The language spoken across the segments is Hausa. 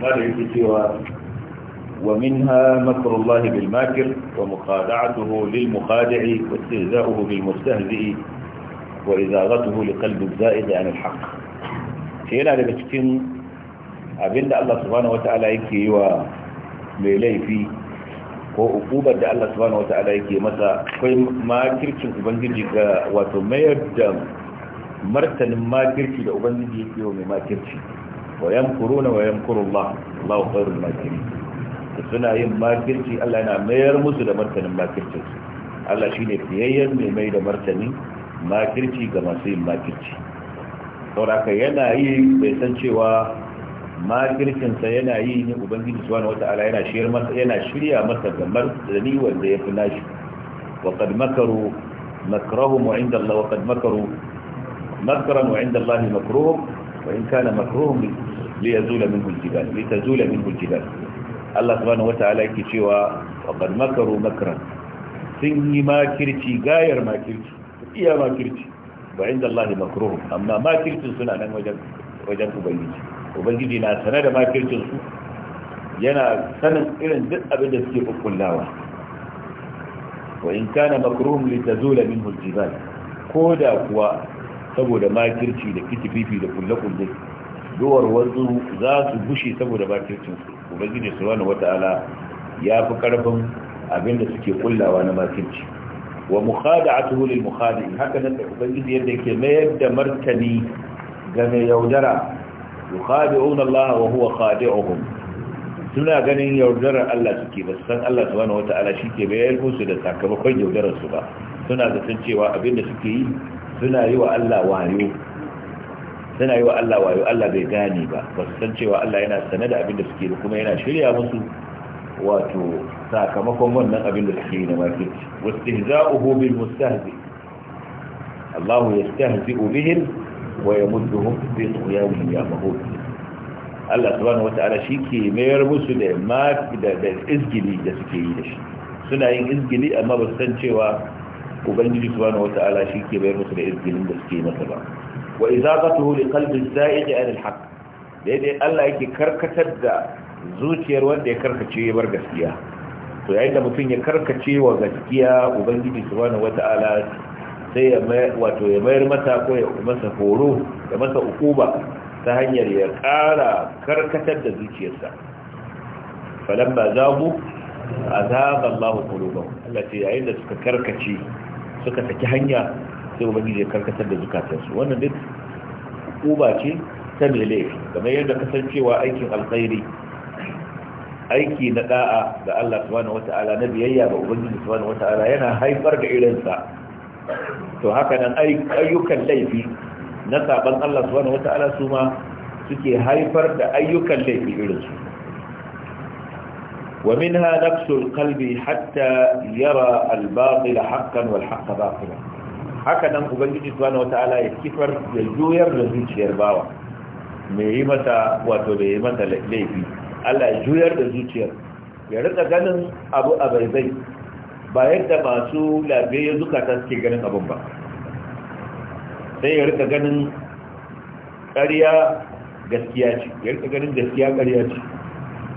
ما يجي ومنها مكر الله بالماكر ومخادعته للمخادع واستهزاؤه بالمستهزئ وإزاغته لقلب الزائد عن الحق هنا daga cikin abinda Allah subhanahu wataala yake mai laifi ko ukubar da Allah subhanahu wataala yake masa akwai makircin ubangiji ga wato mayar da martanin makirci da ubangiji yake wa mai makirci wa yamkuruna wa yamkurullah Allahu khairul Da suna yin makirci Allah yana mayar musu da martanin makircin Allah shi ne fiyayyen mai mai da martani makirci ga masu yin makirci sauraka yana yi bai san cewa makirkinsa yana yi ne ubangiji subhanahu wata'ala yana shirya masa yana shirya masa ga martani wanda ya fi nashi wa qad makaru makrahum inda Allah wa qad makaru مكرا وعند الله مكروه وإن كان مكروه ليزول منه الجبال لتزول منه الجبال الله سبحانه وتعالى كتوى وقد مكروا مكرا سني ما كرتي غاير ما كرتي إيا ما كرتي وعند الله مكروه أما ما كرتي سنة أنا وجنك بيجي وبنجي نا سنة ما كرتي سنة yana sanin irin duk abin da suke kukkullawa wa in kana makruhum litazula minhu aljibal ko da kuwa saboda makirci da kitififi da kulle-kulle duwar wanzu za su bushe saboda makircinsu, makircin su ubangiji subhanahu wata'ala ya fi karfin abinda suke kullawa na makirci wa a mukhada'atuhu lil in haka nan da ubangiji yadda ke mayar da martani ga mai yaudara yukhadi'una Allah wa huwa khadi'uhum suna ganin yaudarar Allah suke ba san Allah subhanahu shi ke bayar musu da sakamakon yaudararsu ba suna zaton cewa abinda suke yi suna yi wa Allah wayo suna yi wa Allah wayo Allah bai gane ba ba su san cewa Allah yana sane da abin da suke yi kuma yana shirya musu wato sakamakon wannan abin da suke yi na makirci wastihza'uhu bil mustahzi Allah yastahzi'u bihim wa yamudduhum fi tughyanihim ya'mahun Allah subhanahu shi ke mayar musu da da izgili da suke yi da shi suna yin izgili amma ba su san cewa ubangiji subhanahu wata'ala shi ke bayar musu da izgilin da suke masa ba wa izaqatuhu li qalbi za'iqi an al-haq daidai Allah yake karkatar da zuciyar wanda ya karkace ya bar gaskiya to yayin da mutum ya karkace wa gaskiya ubangiji subhanahu wata'ala sai ya wato ya mayar mata ko ya masa horo ya masa ukuba ta hanyar ya ƙara karkatar da zuciyarsa falamma zabu azaba Allahu qulubahum Allah ce yayin da suka karkace suka saki hanya sai ubangiji ya karkatar da zukatansu wannan duk uba ce ta mai laifi kamar yadda kasancewa aikin alkhairi aiki na da'a ga Allah subhanahu wata'ala na biyayya ga ubangiji subhanahu wata'ala yana haifar da irinsa to haka nan ayyukan laifi na saban Allah subhanahu wata'ala su ma suke haifar da ayyukan laifi irinsu ومنها نفس القلب حتى يرى الباطل حقا والحق باطلا هكذا ubangiji subhanahu wataala ya kifar da juyar da zuciyar bawa me yi mata wato da yi mata laifi Allah ya juyar da zuciyar ya rika ganin abu a baibai ba yadda masu lafiya zukata suke ganin abun ba sai ya rika ganin gaskiya ce ya rika ganin gaskiya ce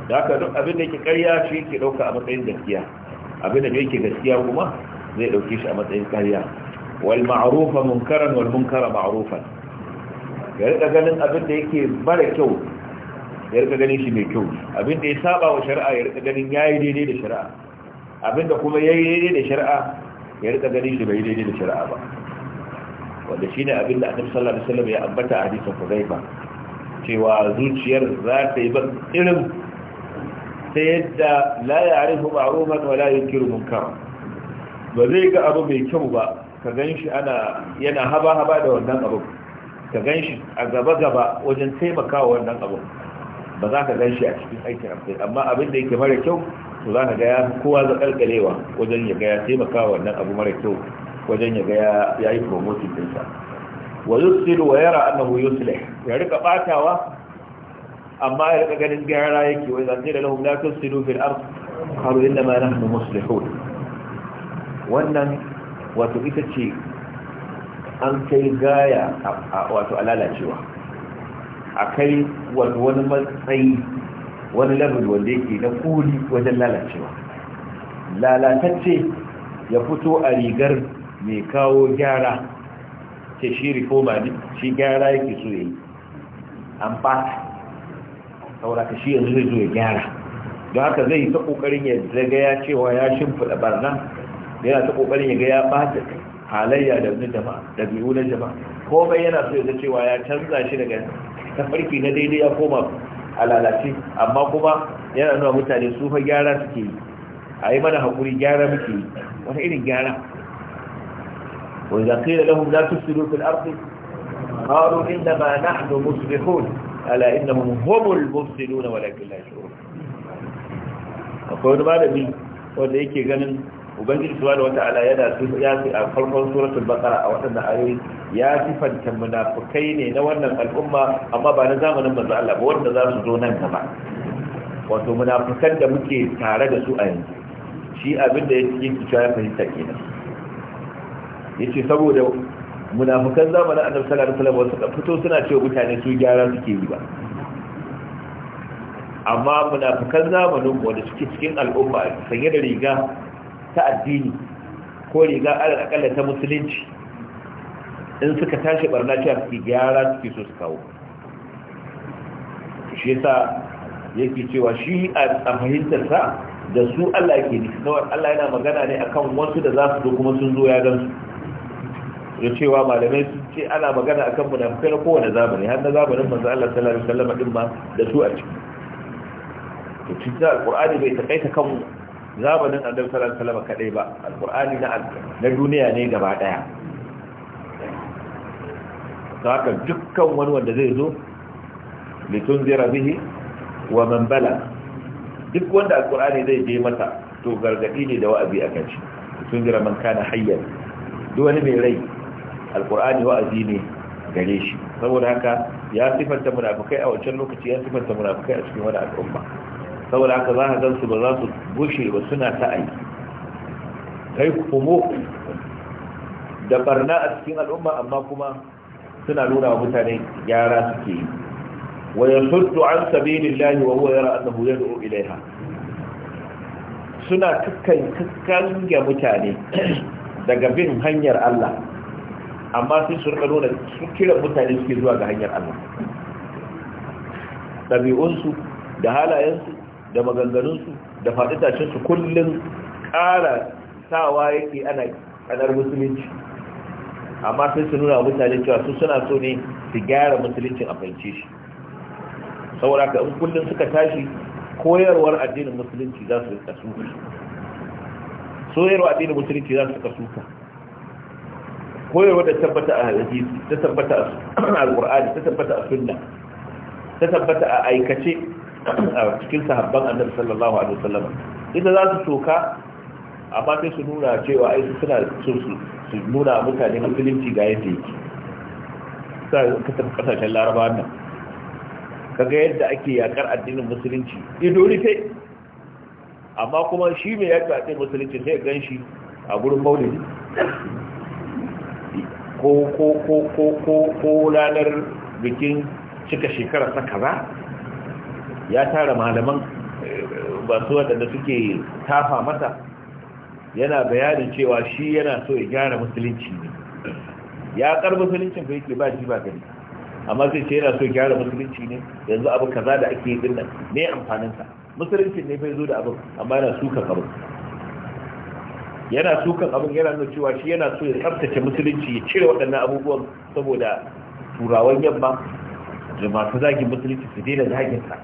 da haka duk abin da yake ƙarya shi yake ɗauka a matsayin gaskiya abin da yake gaskiya kuma zai ɗauke shi a matsayin ƙarya wal ma'rufa munkaran wal munkara ma'rufan ya rika ganin abin da yake mara kyau ya rika ganin shi mai kyau abin da ya saba wa shari'a ya rika ganin yayi daidai da shari'a abin da kuma yayi daidai da shari'a ya rika ganin shi bai daidai da shari'a ba wanda shine abin da Annabi sallallahu alaihi wasallam ya ambata a hadisin Hudayfa cewa zuciyar za ta yi ba irin ta yadda la ya arifu ma'aruman wa la yunkiru munkar ba zai ga abu mai kyau ba ka ganshi ana yana haba haba da wannan abu ka ganshi a gaba gaba wajen taimakawa wannan abu ba za ka ganshi a cikin aikin amfani amma abin da yake mara kyau to za ka ga kowa za kalkalewa wajen ya ga ya taimakawa wannan abu mara kyau wajen ya ga ya yi promoting dinsa wa yusilu wa yara annahu yusilu ya rika batawa amma ya daga ganin gyara yake wai zance da lahum la tusidu fil ard qalu inna ma nahnu muslihun wannan wato ita ce an kai gaya wato alalacewa akai wato wani matsayi wani level wanda yake na kuli wajen lalacewa lalatacce ya fito a rigar mai kawo gyara ce shi rikoma ne shi gyara yake so yayi an fata saboda ka shi yanzu zai zo ya gyara don haka zai yi ta kokarin ya zaga ya cewa ya shimfiɗa barna yana ta kokarin ya ga ya bata halayya da wani jama'a da biyu na jama'a komai yana so ya cewa ya canza shi daga tafarki na daidai ya koma a lalace amma kuma yana nuna mutane su fa gyara suke yi a yi mana hakuri gyara muke yi wani irin gyara wanda kai da lahun za su suru fil arzi قالوا إنما نحن مصلحون ala innahum humul mufsiduna walakin la yashurun akwai wani malami wanda yake ganin ubangiji subhanahu wata'ala yana su ya fi a farkon suratul baqara a waɗannan ayoyi ya sifanta munafikai ne na wannan al'umma amma ba na zamanin manzo Allah ba wanda za su zo nan gaba wato munafikan da muke tare da su a yanzu shi abin da yake ya fahimta kenan yace saboda munafukan zamanin annabi sallallahu alaihi wasallam suka fito suna cewa mutane su gyara suke yi ba amma munafukan zamanin wanda suke cikin al'umma sanye da riga ta addini ko riga alal akalla ta musulunci in suka tashi barna cewa suke gyara suke so su kawo shi yasa yake cewa shi a fahimtar sa da su Allah yake nufi Allah yana magana ne akan wasu da za su zo kuma sun zo ya gan da cewa malamai sun ce ana magana akan munafikai na kowane zamani har na zamanin manzo Allah sallallahu alaihi wasallam din ma da su a ciki to cikin alqur'ani bai takaita kan zamanin annabi sallallahu alaihi wasallam kadai ba alqur'ani na na duniya ne gaba daya haka dukkan wani wanda zai zo litunzira bihi wa man bala duk wanda alqur'ani zai je mata to gargadi ne da wa'azi akan shi litunzira man kana hayyan duk wani mai rai alkur'ani wa'azi ne gare shi saboda haka ya sifanta munafukai a wancan lokaci ya sifanta munafukai a cikin wani al'umma saboda haka za a gan ba za su bushe ba suna ta kai kuma da barna a cikin al'umma amma kuma suna nuna wa mutane gyara suke yi wa yasuddu an sabilillahi wa huwa yara annahu yad'u ilaiha suna kakkan kakkan mutane daga bin hanyar Allah amma sun su rika nuna su kira mutane suke zuwa ga hanyar Allah ɗabi'unsu da halayensu da maganganunsu da faɗitacinsu kullum ƙara sawa yake ana ƙanar musulunci amma sai su nuna mutane cewa su suna so ne su gyara musuluncin a fahimce shi saboda ka in kullum suka tashi koyarwar addinin musulunci za su kasu suka soyarwa addinin musulunci za su rika suka koyarwa da tabbata a hadisi ta tabbata a alqur'ani ta tabbata a sunna ta tabbata a aikace a cikin sahabban annabi sallallahu alaihi wasallam idan za su toka amma sai su nuna cewa ai su suna su su nuna mutane musulunci ga yadda yake sai ka tafi kasashen Laraba, nan kaga yadda ake yakar addinin musulunci ido rufe amma kuma shi mai yakar addinin musulunci sai gan shi a gurin maulidi ko ko ko ko ko ko ranar bikin cika shekara ta kaza ya tara malaman ba eh, su waɗanda suke tafa mata yana bayanin cewa shi yana so ya gyara musulunci ne ya kar musuluncin ba yake ba shi ba gani amma sai ce yana so ya gyara musulunci ne yanzu abu kaza da ake yi dinnan ne amfaninsa musuluncin ne bai zo da abin amma yana suka karo yana sukan abin yana nuna cewa shi yana so ya tsabtace musulunci ya cire waɗannan abubuwan saboda turawan yamma da masu zagin musulunci su daina zagin sa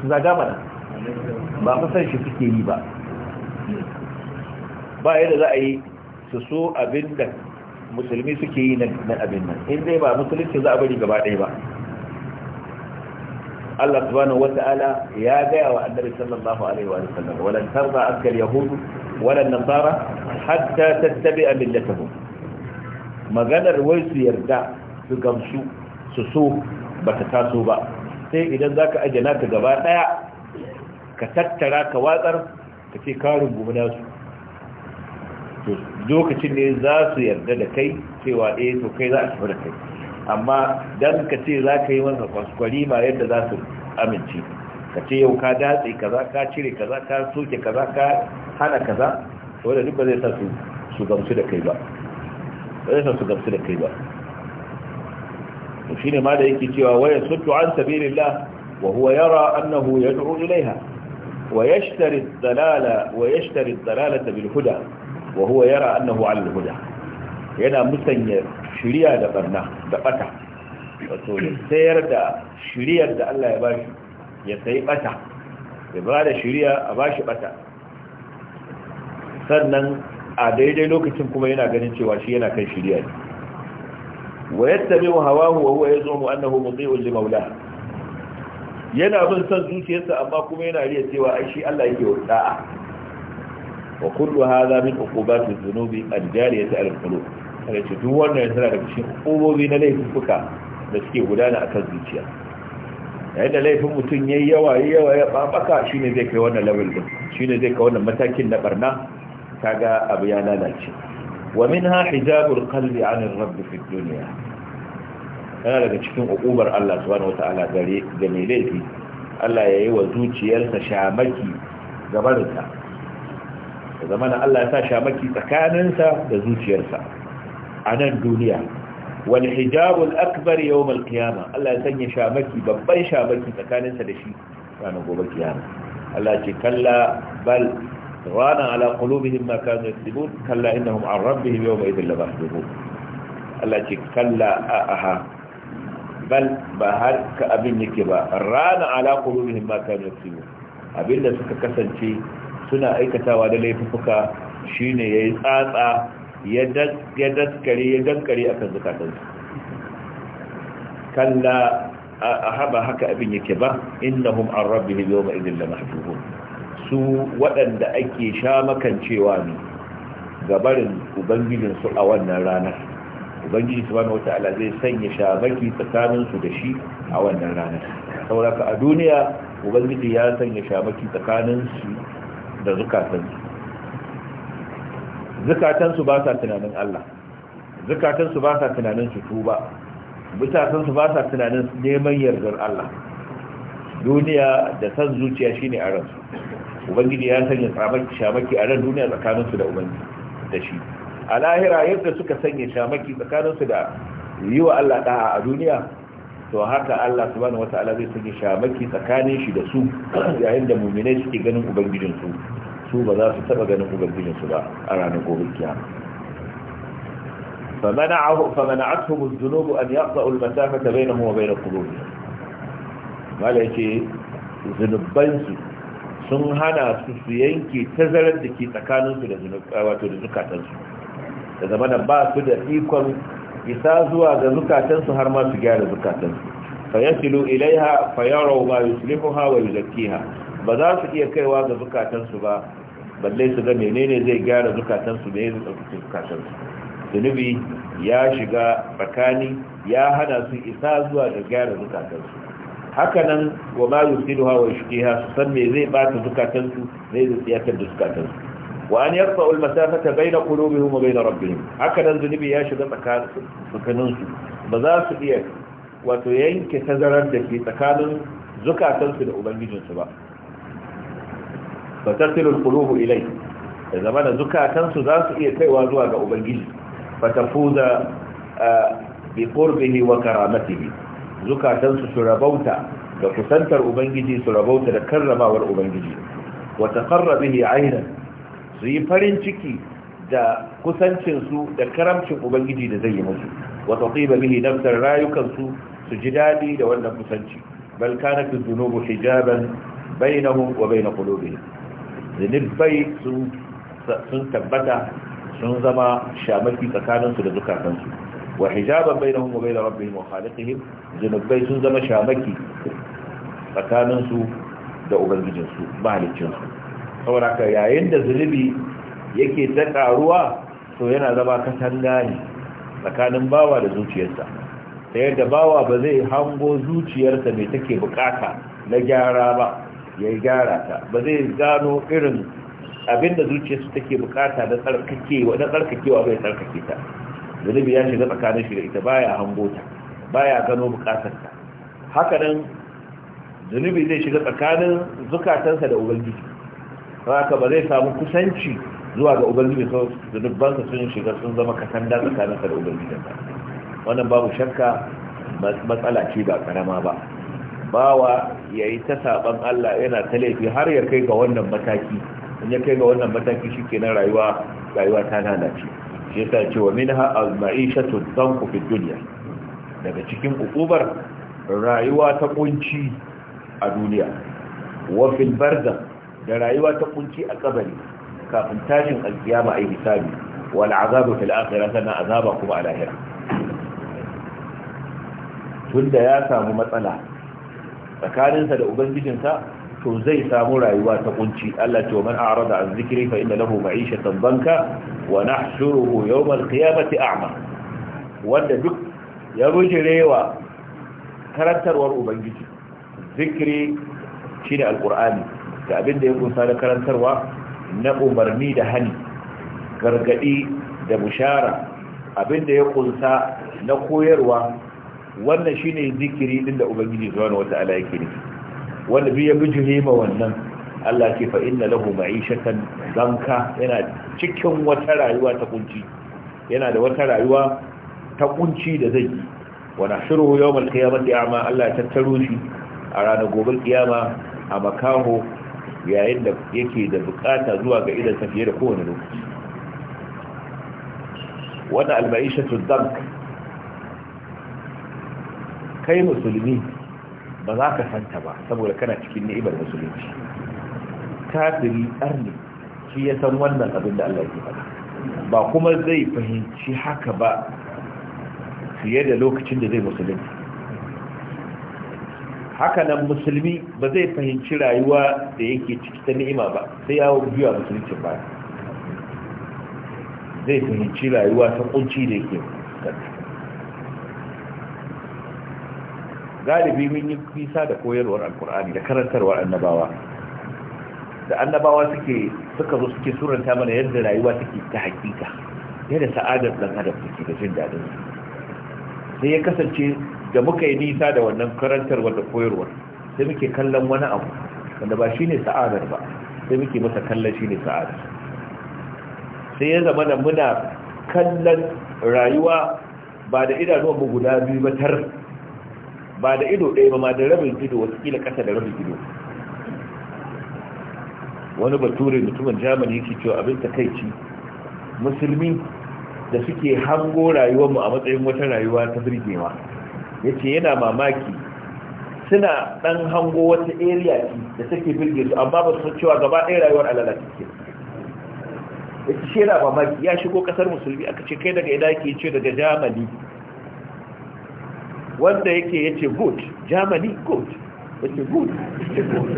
su zaga mana ba fasan shi suke yi ba ba yadda za a yi su so abin da musulmi suke yi na abin nan in dai ba musulunci za a bari gaba ɗaya ba Allah subhanahu ta'ala ya gaya wa annabi sallallahu alaihi wa sallam walan tarda akal yahudu Waɗannan nasara hatta tattabi'a millatahum maganar wai su yarda su gamsu su so bata taso ba sai idan zaka aje naka gaba daya ka tattara ka watsar ka ce ka rungume su. to lokacin ne za su yarda da kai cewa eh to kai za a tafi da kai amma dan ka ce za ka yi masa kwaskwari ma yadda za su amince ka ce yau ka datse kaza ka cire kaza ka soke kaza ka hana kaza wanda duk ba zai sa su gamsu da kai ba ba zai sa su gamsu da kai ba to ne ma da yake cewa waya suttu an sabilillah wa huwa yara annahu yad'u ilaiha wa yashtari ad-dalala wa yashtari ad-dalalata bil huda wa huwa yara annahu 'ala al-huda yana musanya shiriya da barna da bata wato sayar da shiriyar da Allah ya bashi ya sai bata ya ba da shirya a ba shi bata sannan a daidai lokacin kuma yana ganin cewa shi yana kan shirya ne wa wa hawahu wa huwa yazumu annahu muti'un li Maula? yana bin san zuciyarsa amma kuma yana riya cewa ai shi Allah yake wada wa kullu hadha min uqubati dhunubi al-jariyati al-qulub kada ce duk wannan yana daga cikin uqubobi na laifuka da suke gudana akan zuciya yayin da laifin mutum yayi yawa yawa ya babaka ne zai kai wannan level din ne zai kai wannan matakin na barna ta ga abu ya lalace wa minha hijabul qalbi an ar-rabb fi dunya yana daga cikin ukubar Allah subhanahu wataala gare ga mai laifi Allah ya yi wa zuciyarsa shamaki gabarinta da zamana Allah ya sa shamaki tsakaninsa da zuciyarsa a nan duniya Wani hijabun akbar yawmal qiyama Allah ya sanya shamaki babban shamaki tsakaninsa da shi ranar gobe kiyama Allah ce kalla bal rana ala qulubihim ma kanu yaktubun kalla innahum an rabbihim yawma idhin la mahjubun Allah ce kalla a aha bal ba har ka abin yake ba rana ala qulubihim ma kanu yaktubun abinda suka kasance suna aikatawa da laifuka shine yi tsatsa ya daskare ya dankare akan zukatansu kalla a haba haka abin yake ba innahum an rabbihim yawma idhin lamahjubun su waɗanda ake sha makancewa ne gabarin ubangijin a wannan ranar ubangiji wata ala zai sanya shamaki tsakaninsu da shi a wannan ranar saboda a duniya ubangiji ya sanya shamaki tsakaninsu da zukatansu. zukatansu ba sa tunanin Allah zukatansu ba sa tunanin su tuba zukatansu ba sa tunanin neman yardar Allah duniya da san zuciya shine a ransu ubangiji ya sanya shamaki a ran duniya tsakaninsu da ubangiji da shi a lahira yadda suka sanya shamaki tsakaninsu da yi wa Allah da'a a duniya to haka Allah subhanahu wataala zai sanya shamaki tsakanin shi da su yayin da mu'minai suke ganin ubangijinsu su ba za su taba ganin ubangijin su ba a ranar gobe kiyama فمنعه فمنعتهم الذنوب ان يقطعوا المسافه بينهم وبين قلوبهم ما yake su sun hana su su yanke tazarar da ke tsakaninsu da zukatansu da zamanin ba su da ikon isa zuwa ga zukatansu har ma su gyara zukatansu fa yasilu ilaiha fa yaraw ma yuslihuha wa yuzakkiha ba za su iya kaiwa ga zukatansu ba balle su ga menene zai gyara zukatansu da ya zai ɗauki zukatansu zunubi ya shiga tsakani ya hana su isa zuwa da gyara zukatansu hakanan wa ma yusiduha wa yushqiha su san me zai bata zukatansu zai zai tsiyatar da zukatansu wa an yarfa al masafata bayna qulubihim wa bayna rabbihim hakanan zunubi ya shiga tsakanin su ba za su iya wato yanke tazarar da ke tsakanin zukatansu da ubangijinsu ba fatasilul qulubu ilai da zama da zukatansu za su iya kaiwa zuwa ga ubangiji fatafuza bi qurbihi wa karamatihi zukatansu su rabauta da kusantar ubangiji su rabauta da karramawar ubangiji wa taqarrabihi Aina su yi farin ciki da kusancinsu da karamcin ubangiji da zai yi musu wa taqiba bihi nafsar rayukansu su ji dadi da wannan kusanci bal kana fi dhunubu hijaban bainahum wa bain qulubihim bai sun tabbata sun zama shamaki tsakaninsu da zukatansu wa hijaban bainahum wa bain rabbihim wa khaliqihim bai sun zama shamaki tsakaninsu da ubangijinsu mahaliccinsu saboda ka yayin da zunubi yake ta karuwa to yana zama katanga ne tsakanin bawa da zuciyarsa ta yadda bawa ba zai hango zuciyarsa mai take bukata na gyara ba ya gyara ta ba zai gano irin abinda su take bukata na tsarkakewa na tsarkakewa bai tsarkake ta zunubi ya shiga tsakanin shi da ita baya hango ta baya gano bukatar ta haka nan zunubi zai shiga tsakanin zukatansa da ubangiji haka ba zai samu kusanci zuwa ga ubangiji sau zunubansa sun shiga sun zama katanda tsakaninsa da ubangijinsa wannan babu shakka matsala ce ba karama ba bawa ya yi ta saban Allah yana ta laifi har ya kai ga wannan mataki in ya kai ga wannan mataki shi kenan rayuwa rayuwa ta lalace shi yasa ce wa min al-ma'ishatu tanku duniya dunya daga cikin ukubar rayuwa ta kunci a duniya wa barza da rayuwa ta kunci a kabari kafin tashin alkiyama ai hisabi wal azabu fil akhirah azaba kuma a lahira tunda ya samu matsala tsakaninsa da ubangijinsa to zai samu rayuwa ta kunci Allah ce wa man a'rada an zikri fa inna lahu ma'ishatan banka wa nahshuruhu yawm al-qiyamati a'ma wanda duk ya bujirewa karantarwar ubangiji Zikiri shine alqur'ani da abin da ya kunsa da karantarwa na umarni da hani gargadi da bushara abinda ya kunsa na koyarwa wannan shine zikiri din da ubangiji subhanahu wata'ala yake ne wanda bi bijire ma wannan Allah ke fa inna lahu ma'ishatan zanka yana cikin wata rayuwa ta kunci yana da wata rayuwa ta kunci da zai yi wa nahshuruhu yawmal qiyamati a'ma Allah ya tattaro shi a ranar gobe kiyama a makaho yayin da yake da bukata zuwa ga idan fiye da kowane lokaci wannan al-ma'ishatu zanka kai musulmi ba za ka santa ba saboda kana cikin ni'imar musulunci kafiri arni shi ya san wannan abin da Allah ya faɗa ba kuma zai fahimci haka ba fiye da lokacin da zai musulunci nan musulmi ba zai fahimci rayuwa da yake ciki ta ni'ima ba sai ya a musuluncin ba zai fahimci rayuwa ta kunci da yake ba galibi mun yi nisa da koyarwar alkur'ani da karantarwar annabawa da annabawa suke suka zo suke suranta mana yadda rayuwa take ta hakika yadda sa'adar dan adam take da jin dadin sai ya kasance da muka yi nisa da wannan karantarwar da koyarwar sai muke kallon wani abu wanda ba shine sa'adar ba sai muke masa kallon shine sa'adar sai ya zama da muna kallon rayuwa ba da idanuwan mu guda biyu ba tar ba da ido ɗaya ba ma da rabin ido watakila ƙasa da rabin ido wani bature mutumin jamani yake cewa abin takaici musulmi da suke hango rayuwarmu a matsayin wata rayuwa ta birgewa ya ce yana mamaki suna ɗan hango wata area da take birge su amma ba su cewa gaba ɗaya rayuwar alala suke ya ce shi yana mamaki ya shigo ƙasar musulmi aka ce kai daga ina ke ce daga jamani wanda yake yace good germany good yace good yace good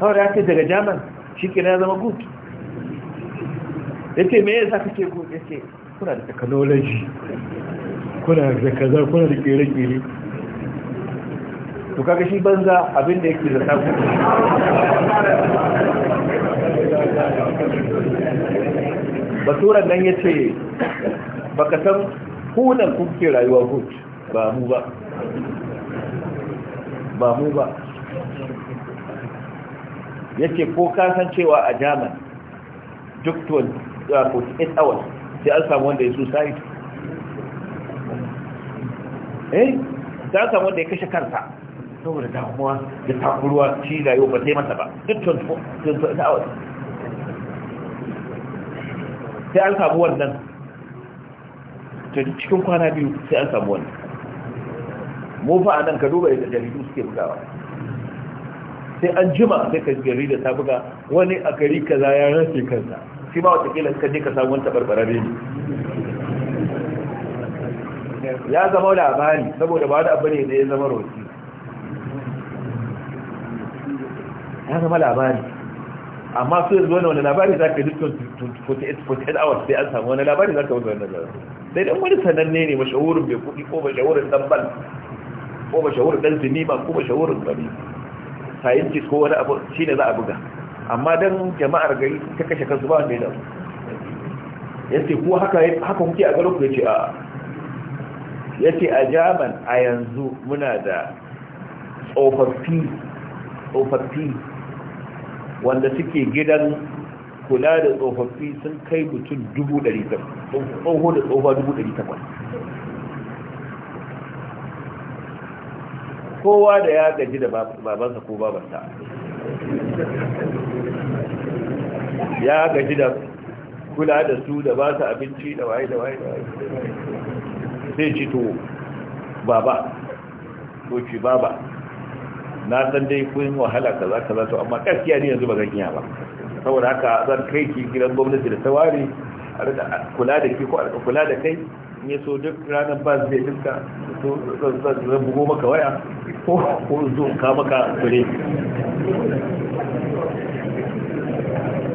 har yake daga german shi kira ya zama good yace me yasa kake good yace kuna da technology kuna da kaza kuna da kere-kere to kaga shi banza abin da yake zata ku baturan nan yace baka san kunan kuke rayuwa hut ba mu ba ba mu ba yake ko kasan cewa a jaman duk 48 hours sai an samu wanda ya suicide eh sai an samu wanda ya kashe kansa saboda damuwa da takuruwa shi yau ba sai masa ba duk 24 hours sai an samu wannan cikin kwana biyu sai an samu wani mu fa anan ka duba yadda jaridu suke bugawa sai an jima sai ka jarida ta buga wani a gari kaza ya rasa kansa shi ba wata kila ka je ka samu wani tabarbarare ne ya zama labari saboda ba da abu ne ya zama roki ya zama labari amma su yanzu wani labari za ka yi dukkan 48 hours sai an samu wani labari za ka wuce wani labari sai dan wani sananne ne mashahurin mai kudi ko mashahurin dan bal ko mashahurin dan sinima ko mashahurin gari scientist ko wani abu shi ne za a buga amma dan jama'ar gari ta kashe kansu ba wanda ya damu yace ko haka haka a garin ku ce a yace a jaman a yanzu muna da tsofaffi tsofaffi wanda suke gidan kula da tsofaffi sun kai mutum dubu ɗari tsoho da tsofa dubu ɗari takwas kowa da ya gaji da babansa ko babansa ya gaji da kula da su da ba su abinci da waye da waye da waye sai ci to baba ko ci baba na san dai kun wahala kaza kaza to amma gaskiya ne yanzu ba zan iya ba saboda haka zan kai ki gidan gwamnati da tawari a rika kula da ki ko a kula da kai in ya so duk ranar ba zai dinka so zan bugo maka waya ko ko zo ka maka kure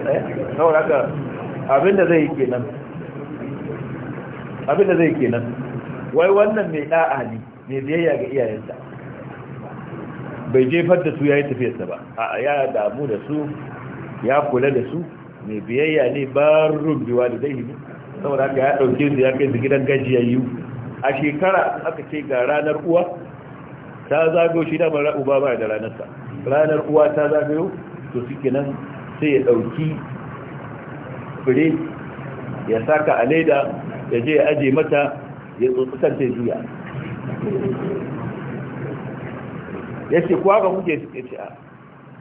eh, saboda haka abinda zai kenan abinda zai kenan wai wannan mai da'a ne mai biyayya ga iyayensa bai jefar da su ya yi tafiyarsa ba a ya damu da su ya kula da su mai biyayya ne barun da zai ne saboda haka ya ɗauke su ya kai su gidan gajiyayyu a shekara aka ce ga ranar uwa ta zagayo shi damar uba ba da ranarsa ranar uwa ta zagayo to suke nan sai ya ɗauki fure ya saka a leda ya je ya aje mata ya tsotsukan ta juya ya ce kuwa ga muke suke ci a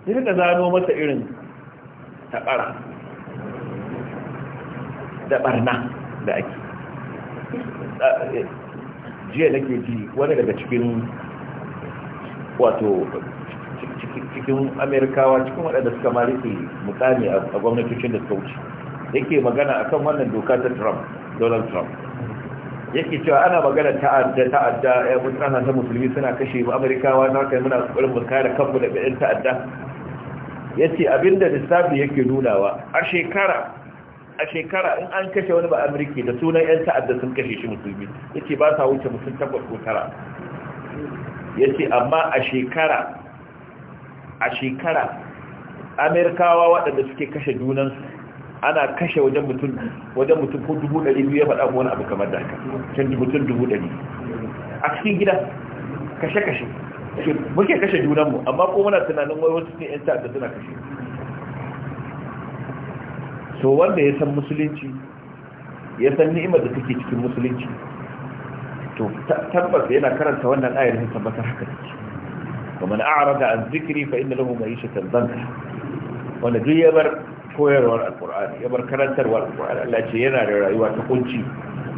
ya rika zano masa irin taɓara da ɓarna da ake jiya ke ji wani daga cikin wato cikin amerikawa cikin waɗanda suka marike mutane a gwamnatocin da suka wuce yake magana akan wannan doka ta trump donald trump yake cewa ana magana ta'adda ta'adda ya eh, mutana ta musulmi suna kashe mu amerikawa na kai muna tsoron mu kare kanmu daga yan ta'adda yace abinda lissafi yake nunawa a shekara a shekara in an kashe wani ba amurki da sunan yan ta'adda sun kashe shi musulmi yace ba sa wuce mutum takwas ko tara yace amma a shekara a shekara amerikawa waɗanda suke kashe junansu ana kashe wajen mutum wajen mutum ko dubu ɗari biyu ya faɗa mu wani abu kamar da haka can mutum dubu ɗari a cikin gida kashe-kashe muke kashe junanmu amma ko muna tunanin wai wasu ne yan ta'adda suna kashe so wanda ya san musulunci ya san ni'imar da take cikin musulunci to tabbas yana karanta wannan ayar sun tabbatar haka take wa man a'rada an zikri fa inna lahu ma'ishatan dhanka wanda duk ya bar koyarwar alkur'ani ya bar karantarwar alkur'ani Allah ce yana da rayuwa ta kunci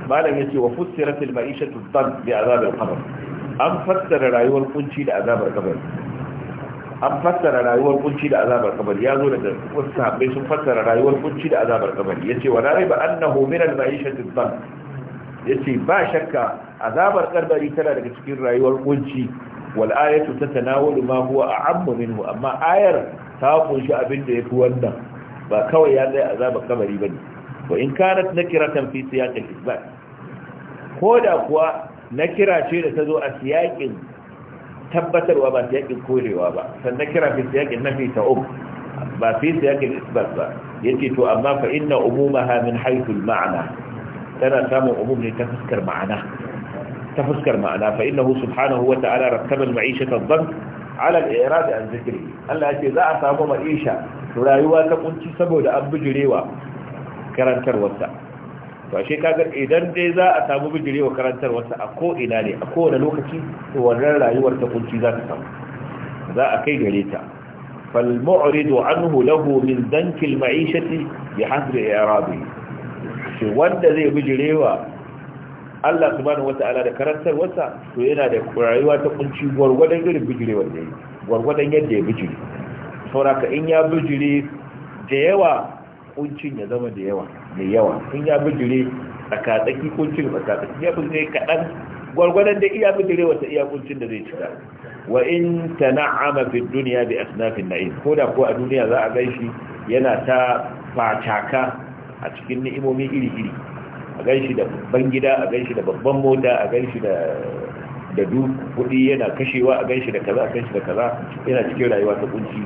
malam yace wa fussirat al-ma'ishatu dhad bi azab al-qabr an fassara rayuwar kunci da azabar kabar. an fassara rayuwar kunci da azabar kabar. ya zo daga wasu sahabbai sun fassara rayuwar kunci da azabar kabari yace wa la raiba annahu min al-ma'ishati dhad yace ba shakka azabar kabari tana daga cikin rayuwar kunci wal ayatu tatanawalu ma huwa a'ammu minhu amma ayar ta kunshi abin da yafi wannan ba kawai ya zai azabar kabari ba ne wa in kanat na kira kan fi siyakin isbat ko da kuwa na kira ce da ta zo a siyakin tabbatarwa ba siyakin korewa ba sannan kira fi siyakin nafi ta um ba fi siyakin isbat ba yake to amma fa inna umumaha min haythul ma'ana tana samun umum ne ta fuskar ma'ana ta fuskar ma'ana fa hu! subhanahu wa ta'ala rattaba al-ma'ishata ad-dhanb ala al-i'rad an dhikri Allah ya ce za a samu ma'isha to rayuwa ta kunci saboda an bijirewa karantarwarsa to ashe kaga idan dai za a samu bijirewa karantarwarsa a ko ina ne a kowane lokaci to wannan rayuwar ta kunci za ta samu za a kai gare ta fal mu'ridu anhu lahu min danki al ma'ishati bi hasbi i'rabi shi wanda zai bijirewa Allah subhanahu wata'ala da karantarwarsa to yana da rayuwa ta kunci gwargwadon irin bijirewar da yi gwargwadon yadda ya bijire sauraka in ya bijiri da yawa kuncin ya zama da yawa da yawa in ya bijire tsakatsaki kuncin tsakatsaki ya bijire kaɗan gwargwadon da iya bijiri wata iya kuncin da zai cika wa in ta na'ama fi duniya bi asnafin na'im ko da ko a duniya za a gan shi yana ta fataka a cikin ni'imomi iri-iri a gan shi da babban gida a gan shi da babban mota a gan shi da da duk kuɗi yana kashewa a gan shi da kaza a gan shi da kaza yana cikin rayuwa ta kunci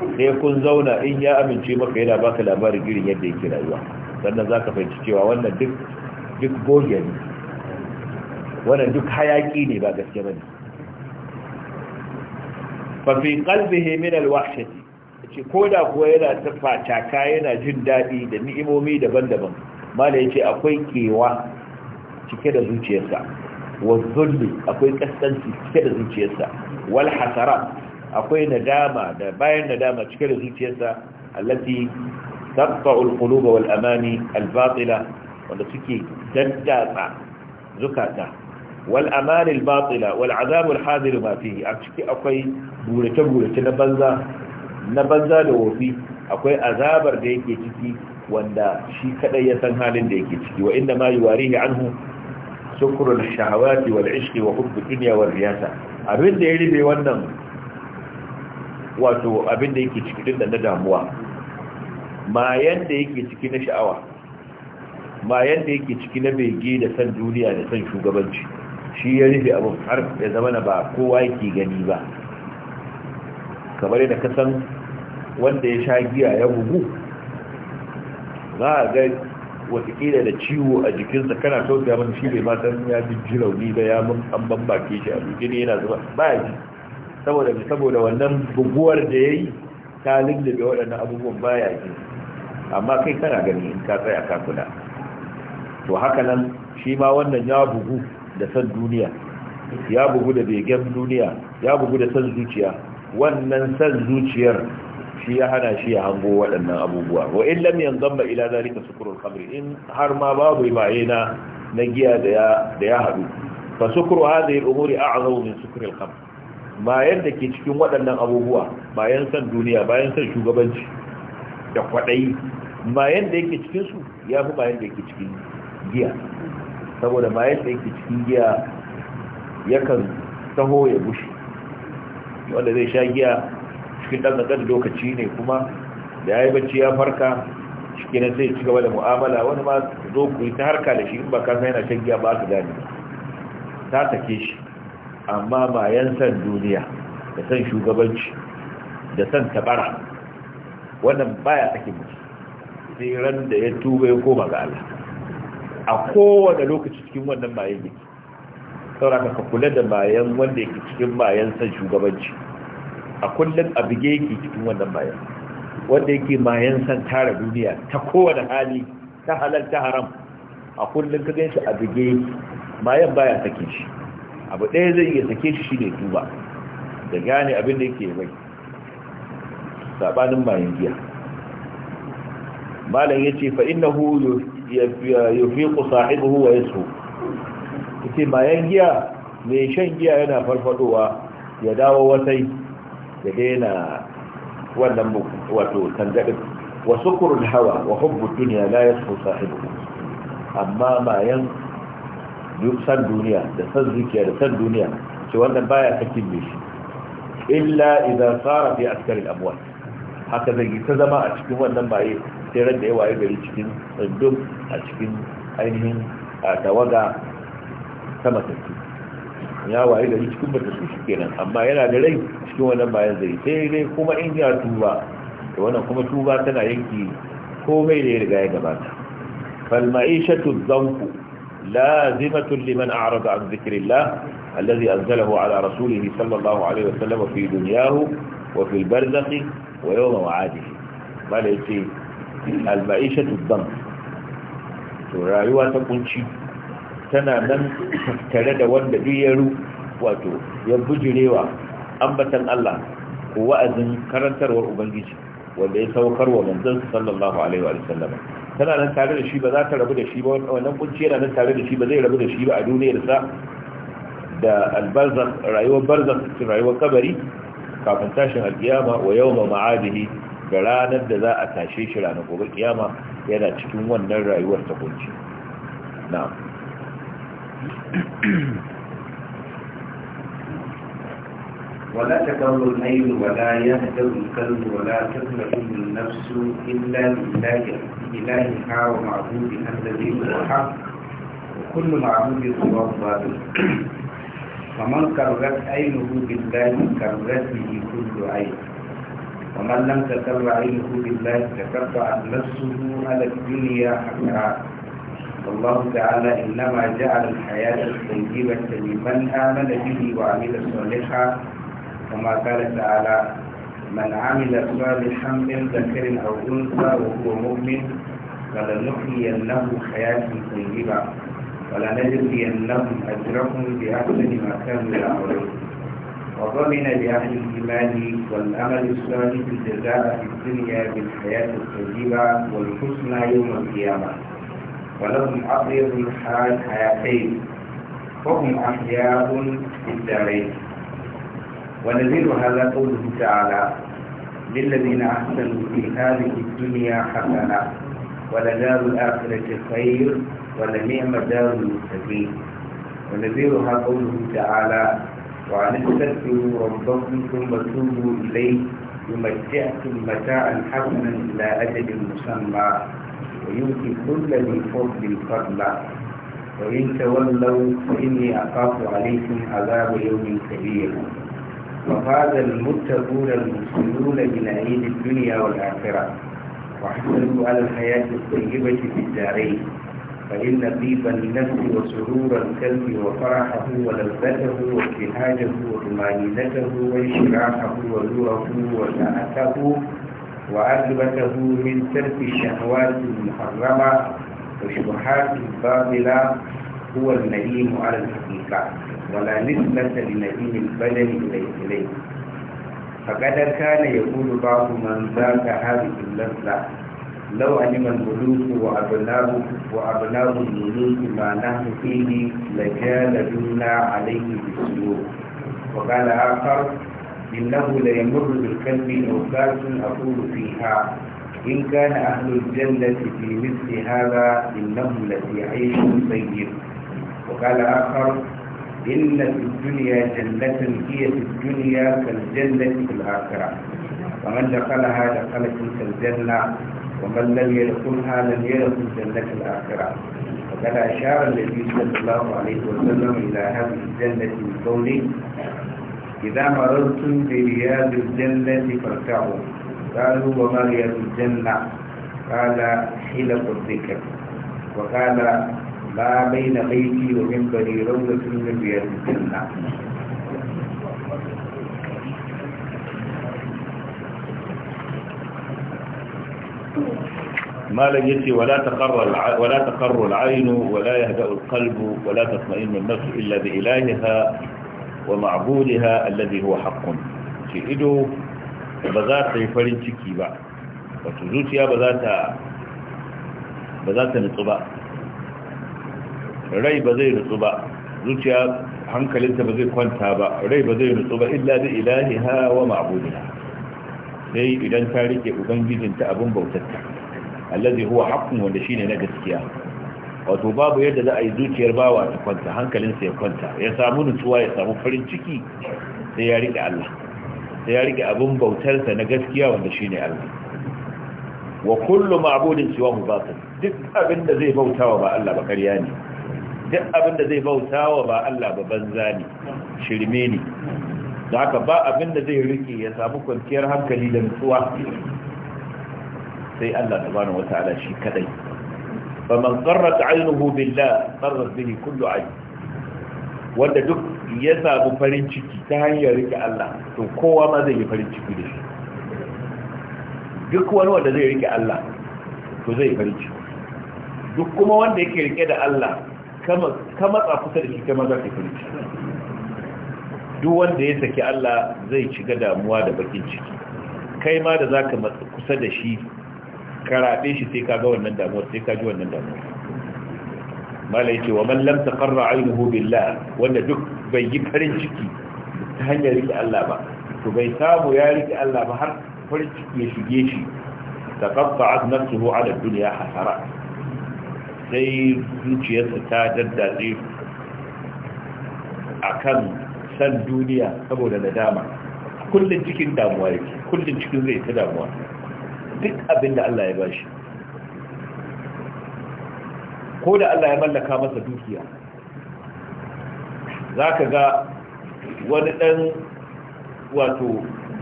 sai kun zauna in ya amince maka yana baka labarin irin yadda yake rayuwa sannan za ka fahimci cewa wannan duk duk goge ne wannan duk hayaki ne ba gaske ba ne fafi kalbihi min alwahshati ce ko da kuwa yana ta fataka yana jin daɗi da ni'imomi daban-daban da yake akwai kewa cike da zuciyarsa wa zulmi akwai kaskanci cike da zuciyarsa wal hasara akwai nadama da bayan nadama cike da zuciyarsa allati taqta'u al-qulub wal amani al wanda suke daddatsa zukata wal amani al wal azab ma fihi a ciki akwai burace burace na banza na banza da wofi akwai azabar da yake ciki wanda shi kadai ya san halin da yake ciki wa inda ma yuwarihi anhu sukrul shahawati wal ishqi wa hubb ad-dunya wal riyasa abin da ya ribe wannan wato abin da yake cikin da na damuwa ma da yake ciki na sha'awa ma da yake ciki na bege da san duniya da san shugabanci shi ya rufe abin har ya zama na ba kowa yake gani ba kamar yadda ka wanda ya sha giya ya bugu za a ga watakila da ciwo a jikinsa kana tausaya mana shi bai matan ya ji rauni ba ya mun an bambake shi a ne yana zuba ba ji saboda saboda wannan buguwar da yayi ta lullube waɗannan abubuwan baya ji amma kai kana gani in ka tsaya ka kula to haka nan shi ma wannan ya bugu da san duniya ya bugu da begen duniya ya bugu da san zuciya wannan san zuciyar shi ya hana shi ya hango waɗannan abubuwa wa in lam yanzamma ila zalika sukrul khamri in har ma babu maye na na giya da ya da ya hadu fa sukru hadhihi al-umuri a'zamu min sukril bayan da ke cikin waɗannan abubuwa bayan san duniya bayan san shugabanci da kwaɗayi bayan da yake cikinsu ya fi bayan da yake cikin giya saboda bayan da yake cikin giya yakan taho ya bushe wanda zai sha giya cikin ɗan ƙasar lokaci ne kuma da ya yi bacci ya farka cikin sai ci gaba da mu'amala wani ma zo ku yi ta harka da shi in ba ka yana shan giya ba su gane ta take shi amma mayan san duniya da san shugabanci da san tabara wannan baya sakin mutu sai ran da ya tuba ya koma ga Allah a kowane lokaci cikin wannan mayan yake sauraka ka kula da bayan wanda yake cikin bayan san shugabanci a kullum a bige yake cikin wannan mayan wanda yake bayan san tara duniya ta kowane hali ta halal ta haram a kullum ka gan shi a bige mayan baya take shi abu ɗaya zai iya sake shi shine duba, da gane abin da yake mai sabanin bayan giya malam yace fa innahu yufiqu sahibihi wa yasu yace bayan giya mai shan giya yana farfadowa ya dawo wasai ya daina wannan wato tangadin wa sukurul hawa wa hubbu dunya la yasu sahibihi amma ma bayan san duniya da san zuciya da san duniya ce wannan baya sakin me shi illa idan tsara fi askarin abuwa haka zai ta zama a cikin wannan baye sai ran da ya waye gari cikin tsundum a cikin ainihin tawaga ta matattu ya waye gari cikin matattu shi kenan amma yana da rai cikin wannan bayan zai sai dai kuma in ya tuba da wannan kuma tuba tana yanki komai da ya riga ya gabata falma'ishatu zanku لازمة لمن أعرض عن ذكر الله الذي أنزله على رسوله صلى الله عليه وسلم في دنياه وفي البرزخ ويوم معاده ما ليتي المعيشة الضم رأيوة تكونشي تنا نم تلد وند ديرو واتو يبجي ليوا أنبتا الله هو أذن كرنتر والأبنجيش wanda ya saukar wa manzansa sallallahu alaihi wa sallama tana nan tare da shi ba za ta rabu da shi ba wannan kunci yana nan tare da shi ba zai rabu da shi ba a duniyarsa da albarzan rayuwar barzan rayuwar kabari kafin tashin alkiyama wa yawma ma'adihi da ranar da za a tashe shi ranar gobe kiyama yana cikin wannan rayuwar ta kunci na'am ولا تكر الليل ولا يهدر الكلب ولا تطمئن النفس إلا لله إلهها ومعبودها الذي هو الحق وكل معبود هو الضال ومن كرت عينه بالله كررت به كل عين ومن لم تكر عينه بالله تكفأت نفسه على الدنيا حقها والله تعالى إنما جعل الحياة الطيبة لمن آمن به وعمل صالحا كما قال تعالى من عمل صالحا من ذكر أو أنثى وهو مؤمن فلنحيينه حياة طيبة ولنجزينهم أجرهم بأحسن ما كانوا يعملون وضمن لأهل الإيمان والأمل الصالح الجزاء في الدنيا بالحياة الطيبة والحسنى يوم القيامة ولهم أطيب الحال حياتين وهم أحياء في الدارين ونذير هذا قوله تعالى للذين أحسنوا في هذه الدنيا حسنة ولدار الآخرة خير ولنعم دار المتقين ونذيرها قوله تعالى وأن استغفروا ربكم ثم توبوا إليه يمتعكم متاعا حسنا إلى أجل مسمى ويؤتي كل ذي فضل فضلا وإن تولوا فإني أخاف عليكم عذاب يوم كبير ففاز المتقون المسلمون من عيد الدنيا والآخرة واحصلوا على الحياة الطيبة في الدارين فإن طيب النفس وسرور الكلب وفرحه ولذته وابتهاجه وطمأنينته وانشراحه ونوره وسعته وعاقبته من ترك الشهوات المحرمة والشبهات الباطلة هو النعيم على الحقيقة ولا نسبة لنبي البدن إليه فقد كان يقول بعض من ذاك هذه اللذة لو علم الملوك وأبناء وأبناء الملوك ما نحن فيه لجالدونا عليه بالسلوك وقال آخر إنه ليمر بالقلب أوقات أقول فيها إن كان أهل الجنة في مثل هذا إنهم لفي عيش طيب وقال آخر inna fi dunya jannatin hiya fi dunya kal jannati fil akhirah wa man dakalaha dakala tilka janna wa man lam yadkhulha lam yadkhul jannati al akhirah وقد أشار النبي صلى الله عليه وسلم إلى هذه الجنة بقوله إذا مررتم برياض الجنة فارتعوا قالوا وما رياض الجنة قال حلق الذكر وقال ba ما بين بيتي ومنبري روضة من رياض الجنة malam yace wala taqarra wala taqarru al-ayn wala ya haɗa qalbu wala tatma'innu an-nafs illa bi ilahiha wa ma'budiha alladhi huwa haqqun ce ido ba za ta yi farin ciki ba wato zuciya ba za ta ba za ta nutsu ba rai ba zai nutsu ba zuciya hankalinta ba zai kwanta ba rai ba zai nutsu ba illa bi ilahiha wa ma'budiha sai idan ta rike ubangijinta abin bautarta allazi huwa haqqun wanda shine na gaskiya wato babu yadda za a yi zuciyar bawa ta kwanta hankalinsa ya kwanta ya samu nutsuwa ya samu farin ciki sai ya rike Allah sai ya rike abin bautarsa na gaskiya wanda shine Allah wa kullu ma'budin siwahu batil duk abin da zai bautawa ba Allah ba ƙarya ne duk abin da zai bauta wa ba Allah ba banza ne shirme ne da haka ba abin da zai rike ya samu kwanciyar hankali da nutsuwa sai Allah ta subhanahu wataala shi kadai faman qarrat aynuhu billah qarrat bihi kullu ayn wanda duk ya samu farin ciki ta hanyar rike Allah to kowa ma zai yi farin ciki da shi duk wani wanda zai rike Allah to zai yi farin ciki duk kuma wanda yake rike da Allah ka matsa kusa da shi kai ma za ka kuri duk wanda ya saki Allah zai shiga damuwa da bakin ciki kai ma da za ka kusa da shi karaɗe shi sai ka ga wannan damuwa sai ka ji wannan damuwa mala yace wa mallam ta taqarra aynuhu billah wanda duk bai yi farin ciki ta hanyar rike Allah ba to bai samu ya rike Allah ba har farin ciki ya shige shi ta taqatta'at nafsuhu ala dunya hasara sai zuciyarsa ta daddatse a kan san duniya saboda nadama kullum cikin damuwa yake kullum cikin zai ta damuwa duk abin da Allah ya bashi ko da Allah ya mallaka masa dukiya za ka ga wani ɗan wato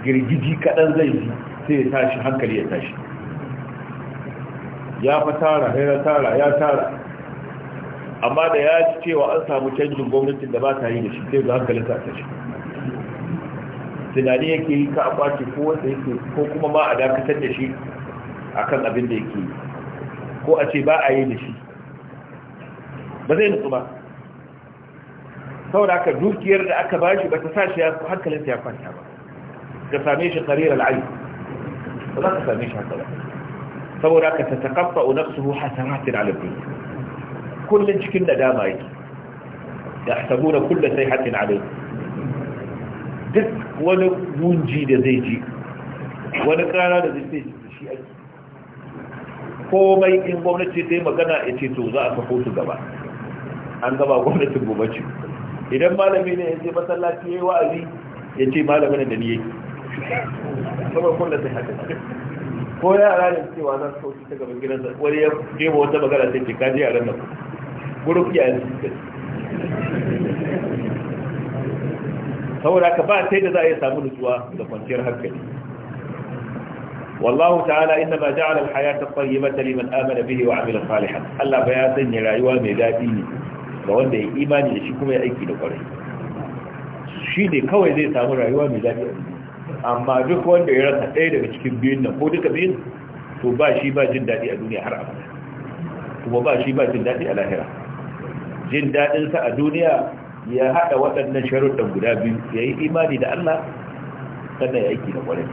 girgiji kaɗan zai yi sai ya tashi hankali ya tashi ya fa tara ya tara ya tara amma da ya ci cewa an samu canjin gwamnatin da ba ta yi da shi sai ga hankali ta tashi tunani yake yi ka akwace ko wanda yake ko kuma ma a dakatar da shi akan abin da yake yi ko a ce ba a yi da shi ba zai nutsu ba saboda haka dukiyar da aka ba shi ba ta sa shi hankalinsa ya kwanta ba ka same shi karir al'ayi ba za ka same shi haka ba saboda ka tatakaffa nafsuhu hasanatin ala dunya kullum cikin nadama yake kullum sai sayhatin alayhi duk wani gunji da zai ji wani kara da zai ji shi ake komai in gwamnati ta yi magana ya ce to za a sako su gaba an gaba gwamnatin gobe idan malami ne ya ce masallaci ya yi wa'azi ya ce malamin da ni yake saboda kullu sayhatin alayhi ko yara da cewa za su kauce ta gaban gidansa wani ya jeba wata magana sai ka a yaran nan gurin iyayen su saboda ka ba sai da za a yi samu nutsuwa da kwanciyar hankali والله تعالى إنما جعل الحياة الطيبة لمن آمن به وعمل صالحا ألا بياتن يرايوا ميلاديني وأن إيماني لشكم يأيكي zai شيني كوي زي سامو رايوا ميلاديني amma duk wanda ya rasa ɗaya daga cikin biyun nan ko duka biyun to ba shi ba jin daɗi a duniya har abada kuma ba shi ba jin daɗi a lahira jin daɗinsa a duniya ya haɗa waɗannan sharuɗan guda biyu ya yi imani da Allah sannan ya aiki da ƙwarai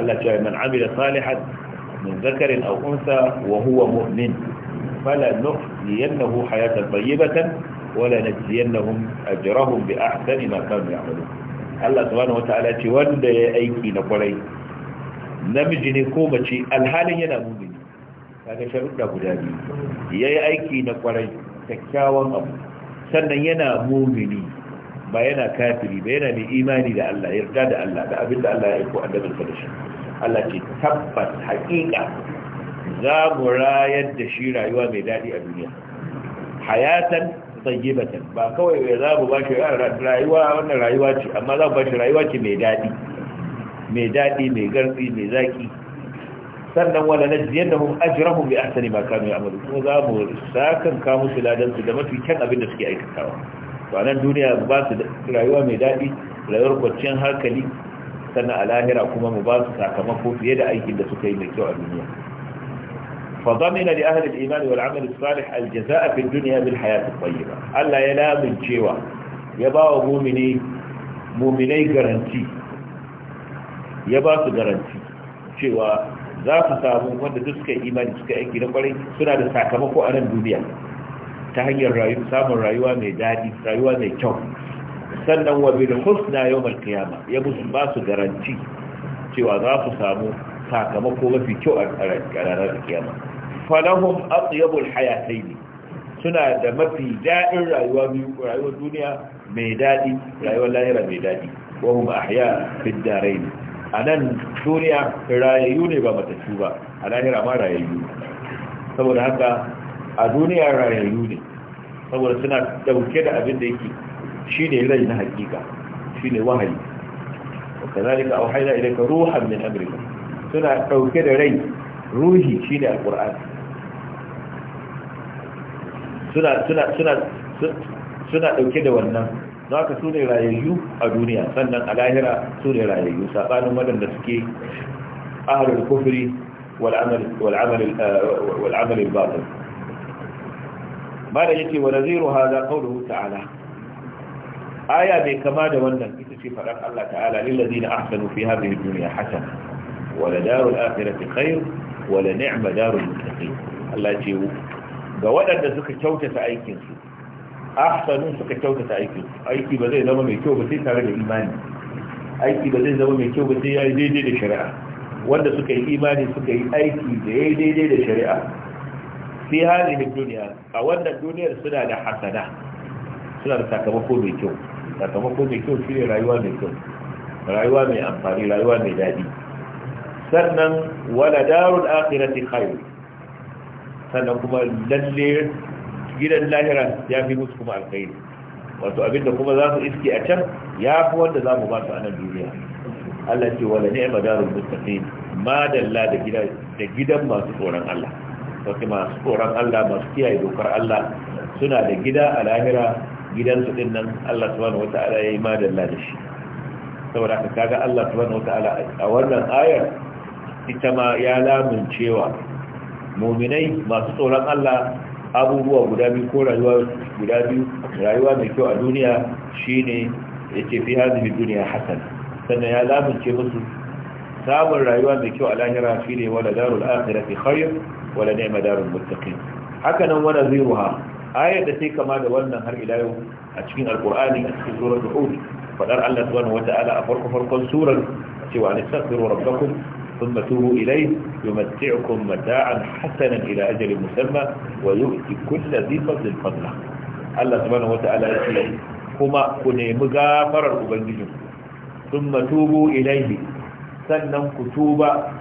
Allah cewa man amila salihan min zakarin aw unsa wa huwa mu'min fala nuhyiyannahu hayatan tayyibatan wala najziyannahum ajrahum bi ahsani ma kanu ya'malun Allah subhanahu wataala ce wanda ya aiki na kwarai namiji ne ko mace alhalin yana mumini kaga sharuɗa guda biyu yayi aiki na kwarai kyakkyawan abu sannan yana mumini ba yana kafiri ba yana mai imani da Allah yarda da Allah da abin da Allah ya aiko annabin sa da shi Allah ce tabbas haƙiƙa za mu rayar da shi rayuwa mai daɗi a duniya hayatan tayyibatan ba kawai ya za mu bashi rayuwa wannan rayuwa ce amma za mu bashi rayuwa ce mai dadi mai dadi mai gartsi mai zaki sannan wala najziyannahum ajrahum bi ahsani ma kanu ya'malu kuma za mu sakan ka musu ladan su da mafi kyan abin da suke aikatawa to nan duniya ba su rayuwa mai dadi rayuwar kwanciyar hankali sannan a lahira kuma mu ba su sakamako fiye da aikin da suka yi mai kyau a duniya فضمن لأهل الإيمان والعمل الصالح الجزاء في الدنيا بالحياة الطيبة ألا يلام جوا يبا مؤمني مؤمني جرانتي يبا جرانتي جوا za su samu wanda duk suka imani suka aiki na kwarai suna da sakamako a nan duniya ta hanyar rayu samun rayuwa mai daɗi rayuwa mai kyau sannan wa bil husna yawmal qiyama ya musu ba su garanti cewa za su samu sakamako mafi kyau a ranar kiyama falahum atyabul hayatayn suna da mafi daɗin rayuwa rayuwar duniya mai daɗi. rayuwar lahira mai daɗi. dadi wa hum ahya fid A nan duniya rayayyu ne ba matattu ba a lahira ma rayayyu saboda haka a duniya rayayyu ne saboda suna ɗauke da abin da yake ne rai na hakika Shi ne wahayi a idan ka وكذلك min Amurka. Suna ɗauke da rai. Ruhi shi ne شيني القرآن suna suna suna suna dauke da wannan za ka su ne rayayyu a duniya sannan a lahira su ne rayayyu saɓanin waɗanda suke ahalar kufri wal'amalin batin ba da yake wa naziru ha za kawo ta'ala aya mai kama da wannan ita ce faɗar Allah ta'ala lillazi na ahsanu fi hadhihi dunya hasana wa la darul akhirati khair wa la ni'ma darul muttaqin Allah ce ga waɗanda suka kyautata aikinsu ahsanun suka kyautata aikinsu aiki ba zai zama mai kyau ba sai tare da imani aiki ba zai zama mai kyau ba sai ya yi daidai da shari'a wanda suka yi imani suka yi aiki da ya yi daidai da shari'a sai halin duniya a wannan duniyar suna da hasana suna da sakamako mai kyau sakamako mai kyau shi ne rayuwa mai kyau rayuwa mai amfani rayuwa mai daɗi sannan wala darul akhirati khairu sannan kuma lalle gidan lahira ya fi musu kuma alkhairi wato abinda kuma za su iske a can ya fi wanda za mu ba su a nan duniya Allah ce wala ma darul mustaqim ma dalla da gida da gidan masu tsoron Allah wato masu tsoron Allah masu kiyaye dokar Allah suna da gida a lahira gidan su din nan Allah subhanahu wata'ala ya yi ma dalla da shi saboda haka kaga Allah subhanahu wata'ala a wannan ayar ita ma ya lamun cewa muminai masu tsoron Allah abubuwa guda biyu ko rayuwa guda biyu rayuwa mai kyau a duniya shine yace fi hadhihi duniya hasan sannan ya lamunce musu samun rayuwa mai kyau a lahira shine wala darul akhirati khayr wala ni'ma darul muttaqin haka nan wala ziruha ayar da take kama da wannan har ila yau a cikin alqur'ani a cikin suratul hud fadar Allah subhanahu wata'ala a farko farkon surar cewa nastaghfiru rabbakum ثم توبوا إليه يمتعكم متاعا حسنا إلى أجل مسمى ويؤتي كل ذي فضل فضله الله سبحانه وتعالى يقول كما كن مغافر أبنجهم ثم توبوا إليه sannan ku tuba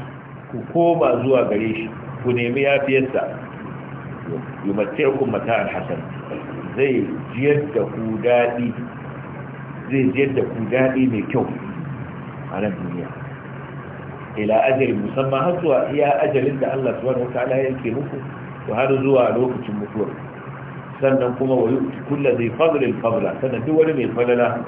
ku koma zuwa gare shi ku nemi yafiyarsa yumatti'ukum mata'an hasan zai jiyar da ku dadi zai jiyar da ku mai kyau a nan duniya ila ajalin musamman har zuwa iya ajalin da Allah subhanahu wataala yake muku to har zuwa lokacin mutuwar sannan kuma wa yu'ti kullu dhi fadlin fadla sannan duk wani mai falala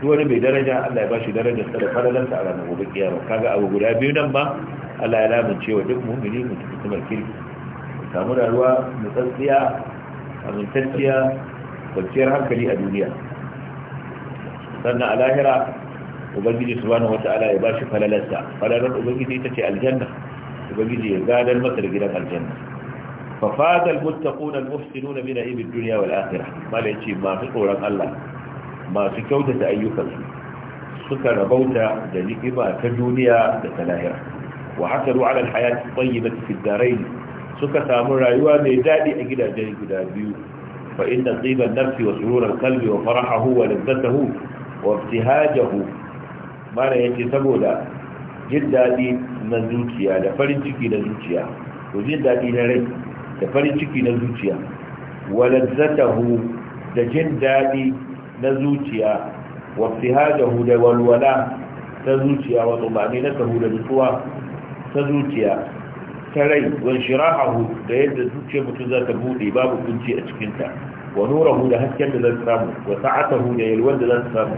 duk wani mai daraja Allah ya bashi darajar sa da falalan sa a ranar gobe kiyama kaga abu guda biyu nan ba Allah ya lamunce cewa duk mu'mini mutum kirki samu rayuwa mutsatsiya amintacciya kwanciyar hankali a duniya sannan a lahira ubangiji subhanahu wata'ala ya bashi falalarsa falalar ubangiji ita ce aljanna ubangiji ya gadar masa da gidan aljanna fa fada almuttaquna almuhsinuna min ibi dunya wal akhirah mala yace masu tsoron Allah masu kyautata ayyukansu suka rabauta da ni'ima ta duniya da ta lahira wa hasaru ala alhayati tayyibati fi darain suka samu rayuwa mai dadi a gidajen guda biyu fa inna dhiba an-nafsi wa surura qalbi wa farahahu wa ladzatahu wa mana ya ce saboda jin daɗi na zuciya da farin ciki na zuciya ko jin daɗi na rai da farin ciki na zuciya walazzatahu da jin daɗi na zuciya wa fihajahu da walwala ta zuciya wa tsumani na sahu da nutsuwa ta zuciya ta rai wa shirahahu da yadda zuciyar mutum za ta buɗe babu kunci a cikinta wa nurahu da hasken da zan samu wa sa'atahu da yalwar da zan samu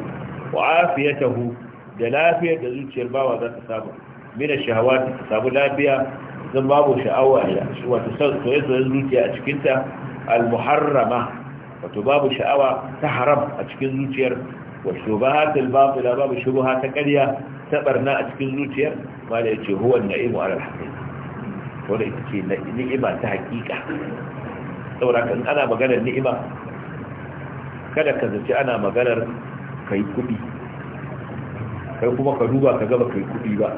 wa afiyatahu da lafiyar da zuciyar bawa za ta samu mina shahawati ta samu lafiya zan babu sha'awa a wato son soyayyen zuciya a cikinta al-muharrama wato babu sha'awa ta haram a cikin zuciyar wato ba hatil da babu shubuha ta ƙarya ta barna a cikin zuciyar ma da yace huwa na'imu alal haqiqa wanda ita ce ni'ima ta hakika saboda kan ana maganar ni'ima kada ka zaci ana maganar kai kuɗi kai kuma ka duba ka gaba kai kuɗi ba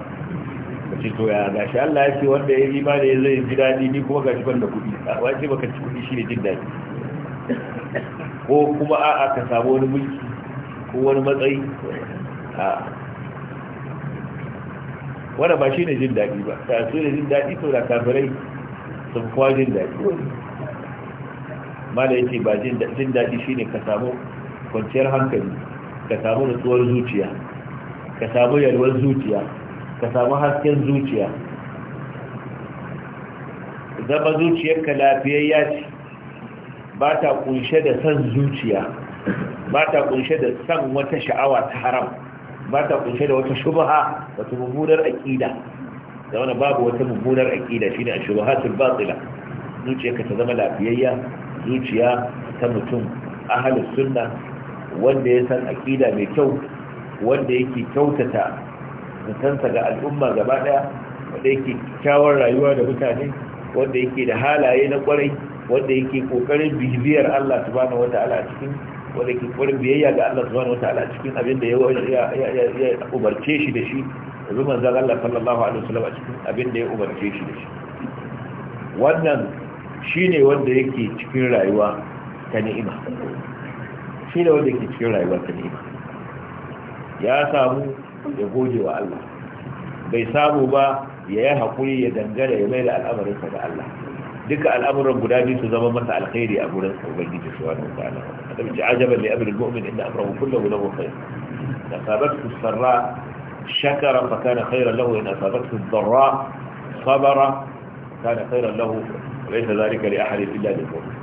ka ce to ya gashi Allah ya ce wanda ya yi imani zai ji daɗi ni kuma gashi ban da kuɗi a wace baka ci kuɗi shine jin daɗi ko kuma a'a ka samu wani mulki ko wani matsayi a wanda ba shine jin daɗi ba ta so da jin daɗi to da kafirai sun kuwa jin daɗi mala yake ba jin daɗi shine ka samu kwanciyar hankali ka samu nutsuwar zuciya ka samu yalwar zuciya ka samu hasken zuciya zama zuciyarka lafiyayya ce ba ta kunshe da san zuciya ba ta kunshe da san wata sha'awa ta haram ba ta kunshe da wata shubaha wata mummunar aƙida. da wani babu wata mummunar aqida shine ashbuhatul batila zuciyarka ta zama lafiyayya zuciya ta mutum ahlus sunna wanda ya san aƙida mai kyau wanda yake kyautata zatansa ga al'umma gaba daya wanda yake kyawar rayuwa da mutane wanda yake da halaye na kwarai wanda yake kokarin bibiyar Allah subhanahu wataala cikin wanda yake kokarin biyayya ga Allah subhanahu wataala cikin abin da ya ya umarce shi da shi yanzu manzon Allah sallallahu alaihi wasallam a cikin abin da ya umarce shi da shi wannan shine wanda yake cikin rayuwa ta ni'ima shine wanda yake cikin rayuwa ta ni'ima ya samu ya goge wa Allah bai samu ba ya yi haƙuri ya dangara ya mai da al'amarinsa da Allah duka al'amuran guda biyu su zama masa alkhairi a gurin da ubangiji su wani ta'ala adam ji ajaban li amril mu'min inna amrahu na lahu khair da sabatku sarra shakara fa kana khairan lahu in asabatku dharra sabara kana khairan lahu laysa dhalika da ahadin illa lil mu'min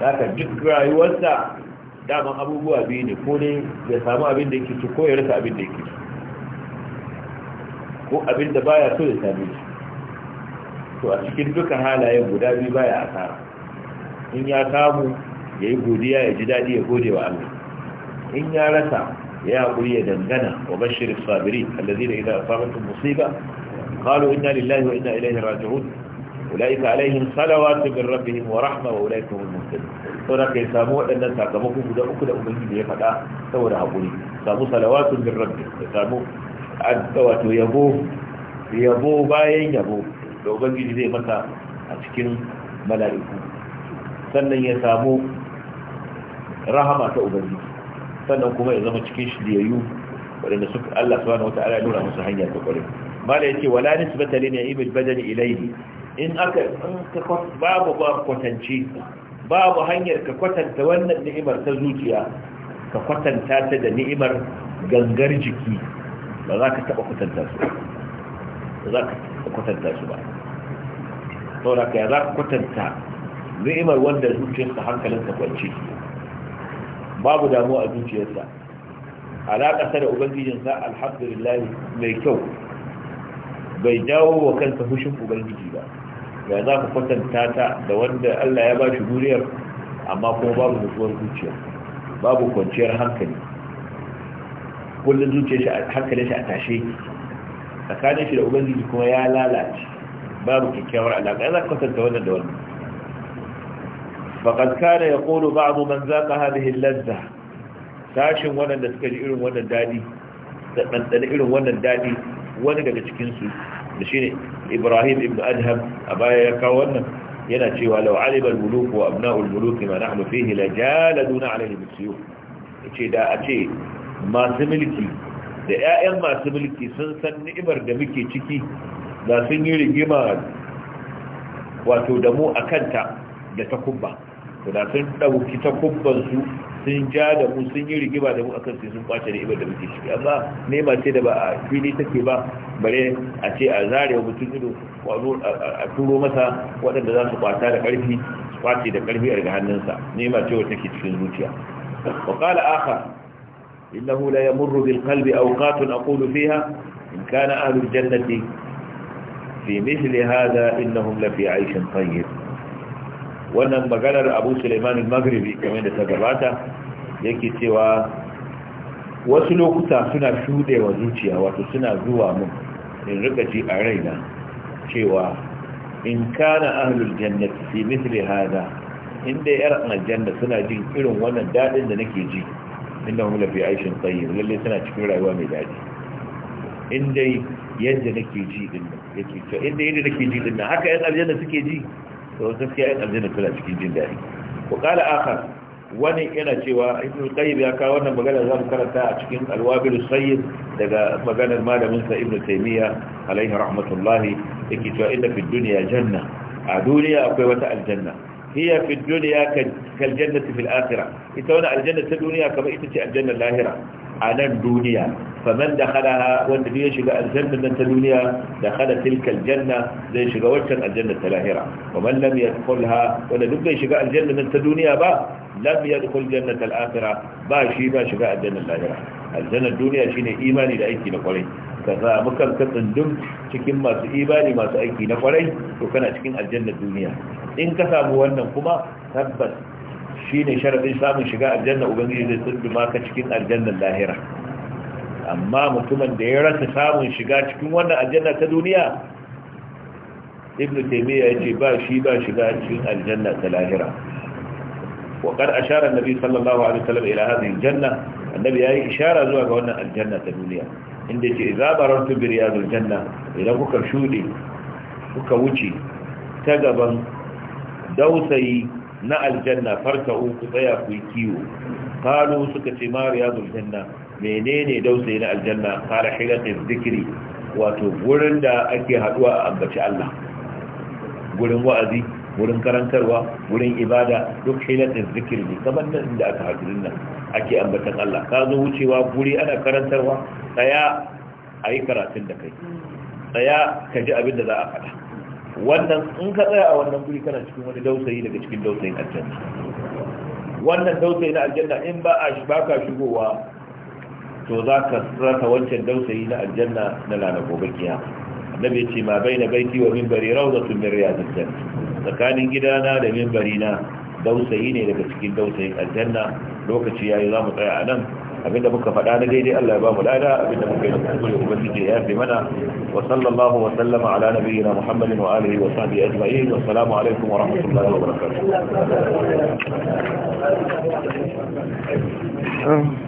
haka duk rayuwarsa daman abubuwa biyu ne ko ne ya samu abin da yake ci ko ya rasa abin da yake ci ko abin da baya so ya same shi to a cikin duka halayen guda biyu baya asara in ya samu ya yi godiya ya ji daɗi ya gode wa Allah in ya rasa ya haƙuri ya dangana wa bashir sabiri allazi da idan asabatun musiba qalu inna lillahi wa inna ilaihi raji'un ulaika alaihim salawatu min rabbihim wa rahma wa ulaika hum muhtadun saboda kai samu waɗannan sakamakon guda uku da ubangiji ya faɗa saboda hakuri samu salawatu min rabbihim ka samu wato yabo yabo bayan yabo da ubangiji zai mata a cikin mala'iku sannan ya samu rahama ta ubangiji sannan kuma ya zama cikin shiriyayyu waɗanda suka Allah subhanahu wata'ala ya nuna musu hanya ta kwarai mala yace wala nisbata li ni'imil badani ilayhi in aka in babu ba kwatanci babu hanyar ka kwatanta wannan ni'imar ta zuciya ka kwatanta ta da ni'imar gangar jiki ba za ka taɓa kwatanta su ba za ka kwatanta su ba saboda ka ya za ka kwatanta ni'imar wanda zuciyarsa hankalinsa kwance babu damuwa a zuciyarsa alaƙasa da ubangijinsa alhamdulillah mai kyau bai dawo wa kansa hushin ubangiji ba ya za ka kwatanta ta da wanda Allah ya ba shi duniyar amma kuma babu nutsuwar zuciya babu kwanciyar hankali kullum zuciya shi hankalin shi a tashe tsakanin shi da ubangiji kuma ya lalace babu kyakkyawar alaƙa ya za ka kwatanta wannan da wannan faqad kana ba abu man zaqa halihin al-ladha sashin wannan da suka ji irin wannan dadi da ɗanɗana irin wannan dadi wani daga cikinsu. da shine Ibrahim ibn Adham a baya ya kawo wannan yana cewa law alima al wa abna'ul muluki ma nahnu fihi la jaladuna alayhi bisuyuf yace da a ce masu mulki da 'ya'yan masu mulki sun san ni'imar da muke ciki za sun yi rigima wato da mu akanta da takubba to da sun ɗauki takubban su sun ja da mu sun yi rigima da mu akan sai sun kwace da ibar da muke ciki amma nema ce da ba a fili take ba bare a ce a zare wa mutum ido a turo masa waɗanda za su kwata da ƙarfi su kwace da ƙarfi a daga hannunsa nema ce wacce ke cikin zuciya wa aka inna hula ya yamurru bil qalbi a aqulu fiya in kana ahlul jannati fi mithli hadha innahum a fi tayyib wannan maganar abu suleiman al-maghribi kamar da ta gabata yake cewa wasu lokuta suna shudewa zuciya wato suna zuwa mun in rika ji a raina cewa in kana ahlul jannati fi mithli hada inda yar aljanna suna jin irin wannan dadin da nake ji inda hum lafi aishin tayyib lalle suna cikin rayuwa mai dadi inda yadda nake ji din nan yake to inda yadda nake ji din nan haka yan aljanna suke ji to gaskiya yan aljanna suna cikin jin daɗi ko kala akhar wani yana cewa ibn qayyim ya kawo wannan magana za mu karanta a cikin alwabil sayyid daga maganar malamin sa ibn taymiya alaihi rahmatullahi yake cewa inna fid dunya janna a duniya akwai wata aljanna هي في الدنيا ita في aljanna ta duniya الدنيا ita ce aljanna lahira. a nan duniya faman da halaha wanda ya shiga aljannan nan ta duniya da hala tilka janna zai shiga waccan aljanna ta lahira faman lam yadkhulha wanda duk bai shiga aljannan nan ta duniya ba lam yadkhul jannata al-akhirah ba shi ba shiga aljannan lahira aljannan duniya shine imani da aiki na kwarai ka kan ka tsundum cikin masu imani masu aiki na kwarai to kana cikin aljannan duniya in ka samu wannan kuma tabbas Shi shine sharadin samun shiga aljanna ubangiji zai tsunduma ka cikin aljannan lahira amma mutumin da ya rasa samun shiga cikin wannan aljanna ta duniya ibnu taymiya ce ba shi ba shiga cikin aljanna ta lahira wa qad ashara annabi sallallahu alaihi wasallam ila hadhihi aljanna annabi yayi ishara zuwa ga wannan aljanna ta duniya inda yace idza barartu bi riyadil janna idan kuka shude kuka wuce ta gaban dausayi na aljanna farka'u ku tsaya ku yi kiwo qalu suka ce Mariya riyadul janna menene dausayi na aljanna qala hilatuz zikri wato wurin da ake haduwa a ambaci Allah Wurin wa'azi wurin karantarwa wurin ibada duk hilatuz zikri ne kaman nan da aka hadurin nan ake ambatan Allah ka zo wucewa guri ana karantarwa tsaya a yi karatun da kai tsaya ka ji abin da za a faɗa wannan in ka tsaya a wannan guri kana cikin wani dausayi daga cikin dausayin aljanna wannan dausayi na aljanna in ba a shi ka shigowa to za ka rasa wancan dausayi na aljanna na lana gobe kiyama annabi ya ce ma baina baiti wa minbari rawdatun min riyadil janna tsakanin gidana da minbari na dausayi ne daga cikin dausayin aljanna lokaci yayi za mu tsaya a nan abinda muka faɗa na daidai Allah ya ba mu lada abinda muka yi kuskure ubangiji ya yafe mana wa sallallahu wa sallama ala nabiyyina muhammadin wa alihi wa sahbihi ajma'in wa assalamu alaikum wa rahmatullahi wa barakatuh